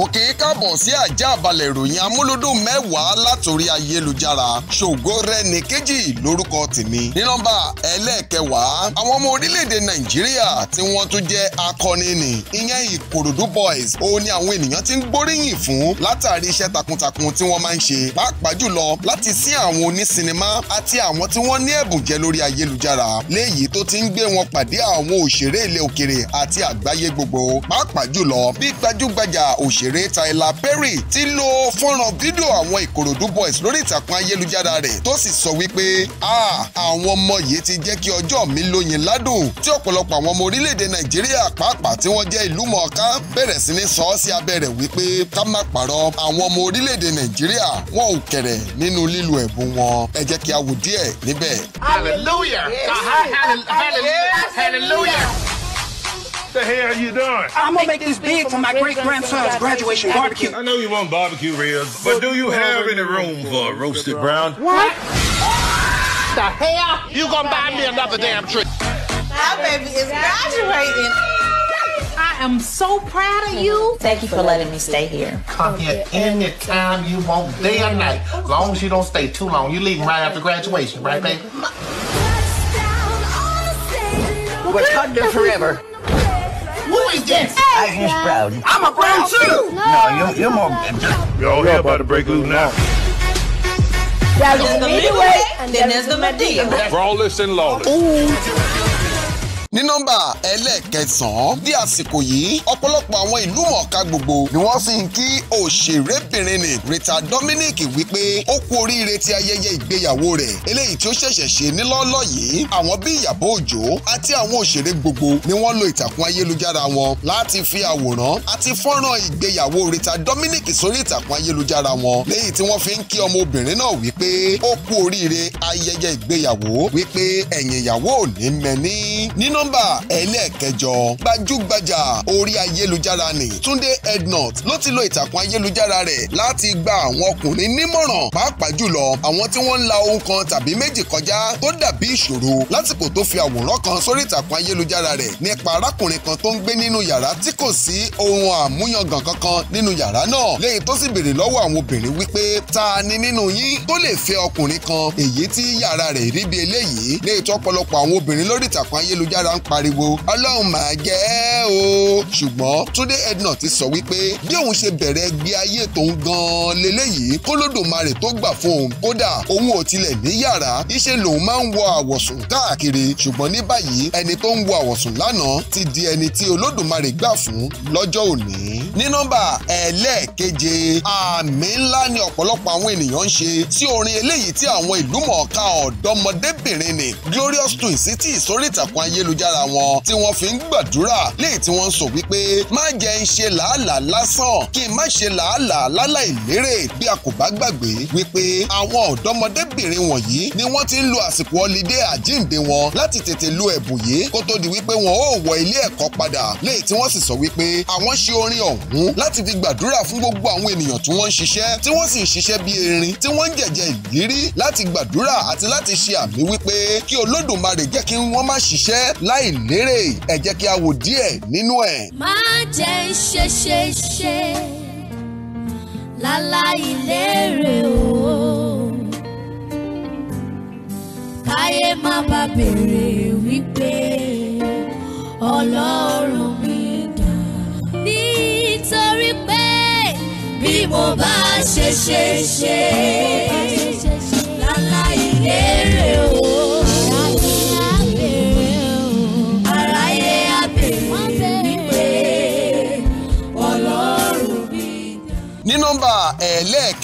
òkè káàbọ̀ sí àjà àbálẹ̀ ìròyìn amúlúdùn mẹ́wàá látòrí ayélujára ṣògo rẹni kejì lórúkọ tèmi ní nọ́mbà ẹlẹ́ẹ̀kẹwàá àwọn ọmọ orílẹ̀-èdè nàìjíríà tí wọ́n tún jẹ́ akọni nì ìyẹn ìkòròdú boys ó ní àwọn ènìyàn ti ń gbóríyìn fún látàrí iṣẹ́ takuntakun tí wọ́n máa ń ṣe pàápàá jùlọ láti sí àwọn onísinimá àti àwọn tí wọ́n ní ẹ̀bùn jẹ lórí ayélujára léyìí tó ti ń gbé wọn pàdé àwọn òṣèré ilẹ̀ òkèrè àti àgbáyé gbogbo pàápàá jùlọ bí gbajúgbajà òṣ òṣèré Tyler Perry ti lo fọ́nrán fídíò àwọn Ìkòròdú boys lórí ìtàkùn ayélujára rẹ̀ tó sì sọ wípé àwọn ọmọ yìí ti jẹ́ kí ọjọ́ mi lóyin ládùn tí ọ̀pọ̀lọpọ̀ àwọn ọmọ orílẹ̀-èdè Nàìjíríà pàápàá tí wọ́n jẹ́ ìlú mọ̀ọ́ká bẹ̀rẹ̀ sí ní sọ ọ́ sí abẹ́ wípé ká má parọ́ àwọn ọmọ orílẹ̀-èdè Nàìjíríà wọn ò kẹ̀rẹ̀ nínú lílo ẹ̀bùn wọn ẹ jẹ́ kí a wò díẹ̀ níbẹ̀. hallelujah hallelujah hallelujah. the hell are you doing? I'm gonna make this big for my great grandson's graduation barbecue. I know you want barbecue ribs, but do you have any room for roasted brown? What? The hell? You gonna buy me another damn tree? My baby is graduating. I am so proud of you. Thank you for letting me stay here. Come here anytime you want, day or night. As long as you don't stay too long. You leaving right after graduation, right, baby? We're cutting forever is this? I ain't proud. I'm a brown too. No, you're, you're more. Y'all here about to break loose now. There's the midway, and then there's the Medea. Lawless and lawless. Ooh. ní nọ́mbà ẹlẹ́ẹ̀kẹsàn-án di àsìkò yìí ọ̀pọ̀lọpọ̀ àwọn ìlú mọ̀ọ́ká gbogbo ni wọ́n sì ń kí òṣèrébìnrin ni Rita Dominic wípé ó kú oríire ti ayẹyẹ ìgbéyàwó rẹ̀ eléyìí tí ó ṣẹ̀ṣẹ̀ ṣe nílọ́lọ́ yìí àwọn bíi Ìyábọ̀ Òjó àti àwọn òṣèré gbogbo ni wọ́n lo ìtàkùn ayélujára wọn láti fi àwòrán àti fọ́nrán ìgbéyàwó Rita Dominic sórí ìtàkùn ayélujára wọn léyìí tí wọ́n fi ń kí ọmọbìnrin náà wípé ó kú oríire ayẹyẹ ìgbéyàwó wípé ẹ̀yìn ìyàwó ò nọ́mbà ẹlẹ́ẹ̀kẹjọ gbajúgbajà orí ayélujára ni Túndé Ednut ló ti lo ìtàkùn ayélujára rẹ̀ láti gba àwọn ọkùnrin nímọ̀ràn pàápàá jùlọ àwọn tí wọ́n ń la ohun kan tàbí méjì kọjá tó dàbí ìṣòro lásìkò tó fi àwòrán kan sórí ìtàkùn ayélujára rẹ̀ nípa arákùnrin kan tó ń gbé nínú yàrá tí kò sí ohun àmúyangàn kankan nínú yàrá náà lẹ́yìn tó sì béèrè lọ́wọ́ àwọn obìnrin wípé ta ni nínú yín tó lè fẹ́ ọkùnrin kan èyí tí yàrá rẹ̀ rí bí eléyìí lẹ́yìn tó ọ̀pọ̀lọpọ̀ àwọn obìnrin lórí ìtàkùn ayélujára bá ń pariwo ọlọ́run máa jẹ́ ẹ́ o ṣùgbọ́n Túndé Edna ti sọ wípé bí òun ṣe bẹ̀rẹ̀ gbé ayé tòun gan-an leléyìí kólódòmarè tó gbà fún òun kódà òun ò tilẹ̀ ní yàrá iṣẹ́ lòun máa ń wọ àwọ̀sùn káàkiri ṣùgbọ́n ní báyìí ẹni tó ń wọ àwọ̀sùn lánàá ti di ẹni tí olódùmarè gbà fún lọ́jọ́ òní ní nọ́mbà ẹlẹ́ẹ̀keje àmì ńlá ni ọ̀pọ̀lọpọ̀ àwọn ènìyàn ń ṣe sí orin eléyìí tí àwọn ìlú mọ̀ọ́ká ọ̀dọ́mọdébìnrin ni Glorious twin tí ìsórí ìtàkùn ayélujára wọn tí wọ́n fi ń gbàdúrà léyìí tí wọ́n ń sọ wípé má jẹ́ ń ṣe làálàá lásán kí n má ṣe làálàá láláì lérè bí a kò bá gbàgbé wípé àwọn ọ̀dọ́mọdébìnrin wọ̀nyí ni wọ́n ti ń lo àsìkò ọlídé àjíǹde wọn láti tètè lo ẹ̀bùn yìí kó tó di wípé wọn ó wọ ilé ẹ̀kọ́ padà léyìí tí wọ́n sì sọ wípé àwọn ṣe orin ọ̀hún ọ̀hún láti fi gbàdúrà fún gbogbo àwọn ènìyàn tí wọ́n ń ṣiṣẹ́ tí wọ́n sì ń ṣiṣẹ́ bí erin tí wọ́n ń jẹ̀jẹ̀ ìlérí láti gbàdúrà àti láti ṣe àmì wípé kí olódùmarè jẹ́ kí wọ́n má ṣiṣẹ́ láì lérè ẹ jẹ́ kí a wò díẹ̀ nínú ẹ̀. má jẹ́ ṣeṣeṣe láláì lérè o káyé má bàa béèrè wípé ọlọ́run. 我吧，谢谢谢。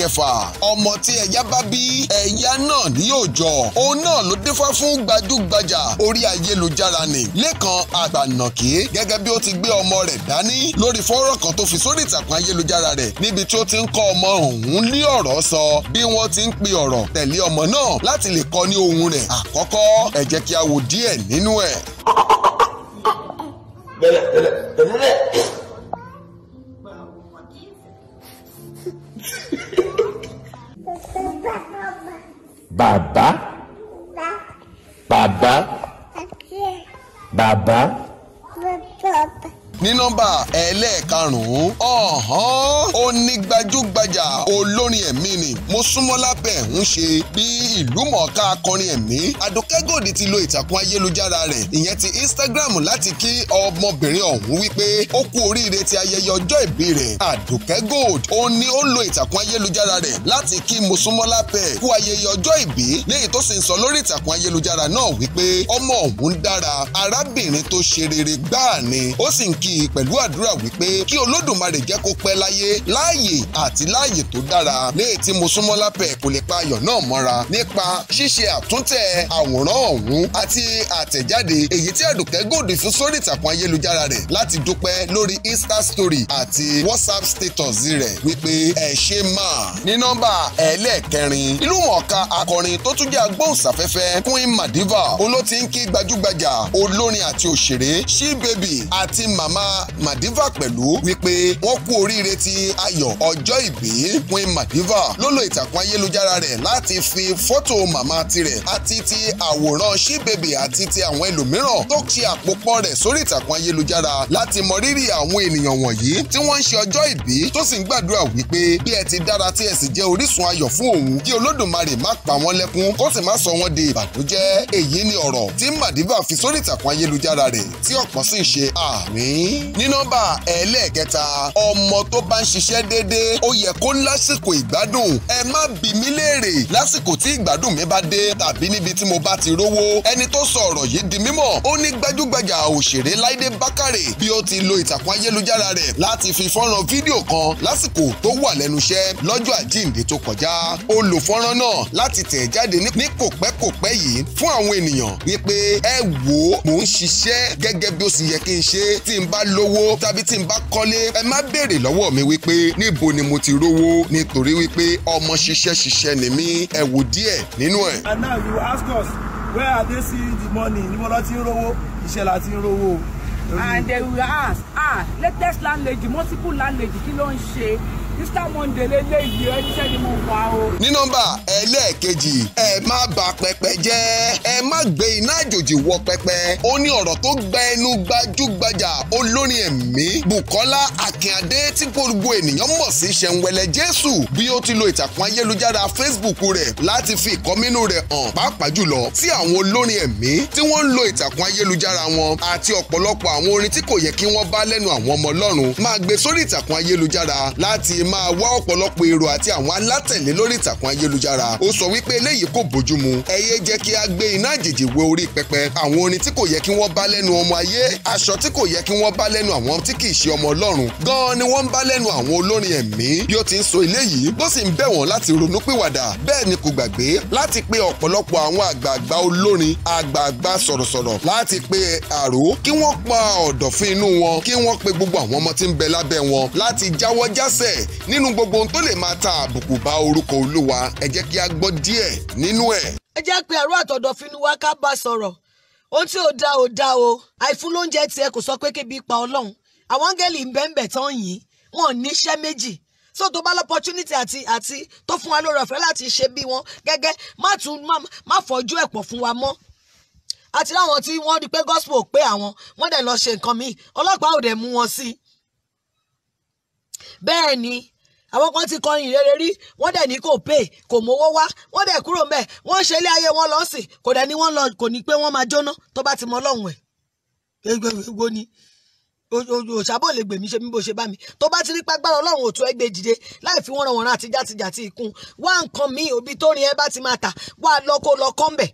kẹfà ọmọ tí ẹ̀yà bá bí ẹ̀yà náà ni yóò jọ òun náà ló dífá fún gbajúgbajà orí ayélujára ni Lékan Àgbànàkí gẹ́gẹ́ bí ó ti gbé ọmọ rẹ̀ dání lórí fọ́rọ̀ kan tó fi sórí ìtàkùn ayélujára rẹ̀ níbi tí ó ti ń kọ́ ọmọ òun ní ọ̀rọ̀ sọ bí wọ́n ti ń pe ọ̀rọ̀ tẹ̀lé ọmọ náà láti lè kọ́ ní ohun rẹ̀ àkọ́kọ́ ẹ jẹ́ kí a wò díẹ̀ nínú ẹ̀. bẹ̀rẹ̀ bẹ̀rẹ̀ bẹ̀rẹ̀ Baba Baba Baba ní nọ́mbà ẹlẹ́ẹ̀karùn-ún ọ̀hán onígbajúgbajà olórin ẹ̀mí ni Mosúnmọ́lá bẹ̀ ń ṣe bí ìlú mọ̀ọ́ká akọrin ẹ̀mí Àdùkẹ́ Gòdì ti lo ìtàkùn ayélujára rẹ̀ ìyẹn ti Instagram láti kí ọmọbìnrin ọ̀hún wípé ó kú oríire ti ayẹyẹ ọjọ́ ìbí rẹ̀ Àdùkẹ́ Gold ó ní ó lo ìtàkùn ayélujára rẹ̀ láti kí Mosúnmọ́lá bẹ̀ kú ayẹyẹ ọjọ́ ìbí léyìí tó sì ń sọ lórí ìtàkùn ayélujára náà wípé ọmọ ọ̀hún dára arábìnrin tó ṣe rere gbáà ni ó sì ń kí yìí pẹ̀lú àdúrà wípé kí olódùmarè jẹ́ kó pẹ́ láyé láàyè àti láàyè tó dára léyìí tí mosúnmọ́lá kò lè pa ayọ̀ náà mọ́ra nípa ṣíṣe àtúntẹ̀ àwòrán ọ̀hún àti àtẹ̀jáde èyí tí àdùkẹ́ gòdì fún sórí ìtàkùn ayélujára rẹ̀ láti dúpẹ́ lórí insta story àti whatsapp status rẹ̀ wípé ẹ ṣe máa ní nọ́mbà ẹlẹ́ẹ̀kẹrin ìlú mọ̀ọ́ká akọrin tó tún jẹ́ agbóhùnsáfẹ́fẹ́ queen madiva olóti ń kí gbajúgbajà olórin àti òṣèré she baby àti mama Madiva pẹ̀lú wípé wọ́n kú oríire ti ayọ̀ ọjọ́ ìbí Queen Madiva ló lo ìtàkùn ayélujára rẹ̀ láti fi fọ́tò màmá tirẹ̀ àti ti àwòrán she baby àti ti àwọn ẹlòmíràn tó ṣe àpòpọ̀ rẹ̀ sórí ìtàkùn ayélujára láti mọ rírì àwọn ènìyàn wọ̀nyí tí wọ́n ń ṣe ọjọ́ ìbí tó sì ń gbàdúrà wípé bí ẹ ti dára tí ẹ sì jẹ́ orísun ayọ̀ fún òun kí olódùmarè má pa wọ́n lẹ́kún kó sì má sọ wọ́n di ìbànújẹ́ èyí ni ọ̀rọ̀ tí Madiva fi sórí ìtàkùn ayélujára rẹ̀ tí ọ̀pọ̀ sì ṣe àmín ní nọ́mbà ẹlẹ́ẹ̀kẹta ọmọ tó bá ń ṣiṣẹ́ déédéé ó yẹ kó lásìkò ìgbádùn ẹ má bì mí léèrè lásìkò tí ìgbádùn mi bá dé tàbí níbi tí mo bá ti rówó ẹni tó sọ ọ̀rọ̀ yìí di mímọ̀ ó ní gbajúgbajà òṣèré Láídé Bákàrè bí ó ti lo ìtàkùn ayélujára rẹ̀ láti fi fọ́nrán fídíò kan lásìkò tó wà lẹ́nu iṣẹ́ lọ́jọ́ àjíǹde tó kọjá ó lo fọ́nrán náà láti tẹ̀ jáde ní kòpẹ́kòpẹ́ yìí fún àwọn ènìyàn wípé ẹ wò ó mò ń ṣiṣẹ́ gẹ́gẹ́ bí ó sì yẹ kí n ṣe tí n bá bá lówó tàbí tí n bá kọ́lé ẹ má béèrè lọ́wọ́ mi wípé níbo ni mo ti rówó nítorí wípé ọmọ ṣiṣẹ́ ṣiṣẹ́ ni mí ẹ wò díẹ̀ nínú ẹ̀. and now you ask us where are they seeing the money níbo ló ti ń rówó iṣẹ́ la ń rówó and they will ask ah latest language multiple language kí ló ń ṣe ni mo wà o. ní nọ́mbà ẹlẹ́ẹ̀kejì ẹ má bà pẹpẹ jẹ́ ẹ má gbé iná àjòjì wọ pẹpẹ ó ní ọ̀rọ̀ tó gba ẹnu gbajúgbajà olórin ẹ̀mí bukola akínadé tí gbogbo ènìyàn mọ̀ sí ṣẹ̀ǹwẹ̀lẹ̀ jésù bí ó ti lo ìtàkùn ayélujára facebook rẹ̀ láti fi ìkọ́mínú rẹ̀ hàn pàápàá jùlọ sí àwọn olórin ẹ̀mí tí wọ́n ń lo ìtàkùn ayélujára wọn àti ọ̀pọ̀lọpọ̀ àwọn orin tí kò yẹ kí wọ́n bá lẹ́nu àwọn ọmọ ọlọ́run máa gbé sórí ìtàkùn ayélujára láti máa wá ọ̀pọ̀lọpọ̀ èrò àti àwọn alátẹ̀lé lórí ìtàkùn ayélujára ó sọ wípé eléyìí kò bójúmu ẹ yé jẹ́ kí a gbé iná àjèjì wọ orí pẹpẹ àwọn orin tí kò yẹ kí wọ́n bá lẹ́nu ọmọ ayé aṣọ tí kò yẹ kí wọ́n bá lẹ́nu àwọn tí kì í ṣe ọmọ ọlọ́run gan ni wọ́n bá lẹ́nu àwọn olórin ẹ̀mí bí ó ti ń sọ eléyìí bó sì ń bẹ̀ wọ́n láti ronúpìwàdà bẹ́ẹ̀ ni kò gbàgbé láti pe ọ̀pọ̀lọpọ̀ àwọn àgbààgbà olórin àgbààgbà sọ̀rọ̀sọ̀rọ̀ láti pe àrò kí wọ́n pa ọ̀dọ̀fín inú wọn kí wọ́n pe gbogbo àwọn ọmọ tí ń bẹ lábẹ́ wọn láti jáwọ́ jásẹ̀ nínú gbogbo ohun tó lè máa ta àbùkù bá orúkọ Olúwa ẹ jẹ́ kí a gbọ́ díẹ̀ nínú ẹ̀. ẹ jẹ́ pé àrùn àtọ̀dọ̀fín inú wa ká bá sọ̀rọ̀ ohun tí ò da ò da o àìfún lóúnjẹ tiẹ̀ kò sọ pé kébi pa Ọlọ́run àwọn áńgẹ́lì ń bẹ́ńbẹ̀ tán yìí wọn ò níṣẹ́ méjì so tó bá l'opportunity àti àti tó fún wa lórí ọ̀fẹ́ láti ṣe bí wọn gẹ́gẹ́ má tún má fọ́jú ẹ̀pọ̀ fún wa mọ́ àti láwọn tí wọ́n rí pé gospel pé àwọn wọ́n dẹ̀ lọ ṣe nǹkan míì ọlọ́pàá ò dẹ̀ mú wọn sí. bẹ́ẹ̀ ni àwọn kan ti kọrin ìrere rí wọ́n dẹ̀ ní kò pè kò mówó wá wọ́n dẹ̀ kúrò mbẹ̀ wọ́n ṣe ilé ayé wọn lọ sí kò dẹ̀ ní wọ́n lọ kò ní pé wọ́n máa jóná tó bá ti mọ ọlọ́run ẹ̀ gbogbo ni òṣàbò lè gbèmí ṣe mí bó ṣe bá mi tó bá ti rí págbára ọlọ́run òtún ẹgbẹ́ dìde láì fi wọ́n ran wọ́n ran àtijátijàti ìkun wá nǹkan míì òbí tó rin ẹ bá ti máa tà wá lọ́kọ́ lọ́kọ́ mbẹ̀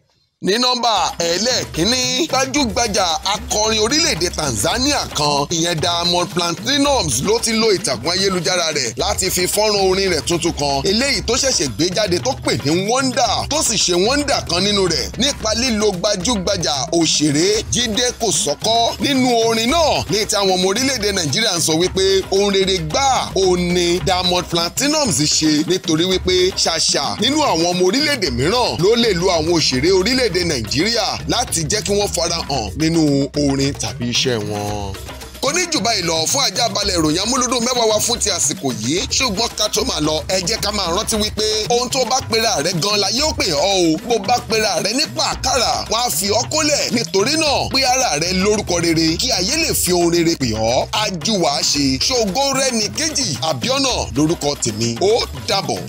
ní nọ́mbà ẹlẹ́ẹ̀kínní gbajúgbajà akọrin orílẹ̀-èdè Tanzania kan ìyẹn Diamond Platnumz ló ti lo ìtàkùn ayélujára rẹ̀ láti fi fọ́nrán orin rẹ̀ tuntun kan eléyìí tó ṣẹ̀ṣẹ̀ gbé jáde tó pè ní wọ́ndà tó sì ṣe wọ́ndà kan nínú rẹ̀ nípa lílo gbajúgbajà òṣèré Jídé Kòsọ́kọ́ nínú orin náà ní táwọn ọmọ orílẹ̀-èdè Nàìjíríà ń sọ wípé ohun rere gbáà òun ni Diamond Platnumz ṣe nítorí wípé ṣàṣà nínú àwọn ọmọ orílẹ̀-èdè mìíràn ló lè lo àwọn òṣèré orílẹ̀ orílẹ̀-èdè nàìjíríà láti jẹ́ kí wọ́n farahàn nínú orin tàbí iṣẹ́ wọn kò ní jù báyìí lọ fún ajá balẹ̀ ìròyìn amúlùdùn mẹ́wàá wa fún ti àsìkò yìí ṣùgbọ́n ká tó máa lọ ẹ jẹ́ ká máa rántí wípé ohun tó bá pera rẹ̀ gan la yóò pè ọ́ o bó bá pera rẹ̀ nípa àkàrà wọn á fi ọ́ kólẹ̀ nítorí náà pé ara rẹ̀ lórúkọ rere kí ayé lè fi ohun rere pè ọ́ ajú wàá ṣe ṣògo rẹ̀ ní kejì àbíọ́nà lórúkọ tèmi ó dàbọ̀.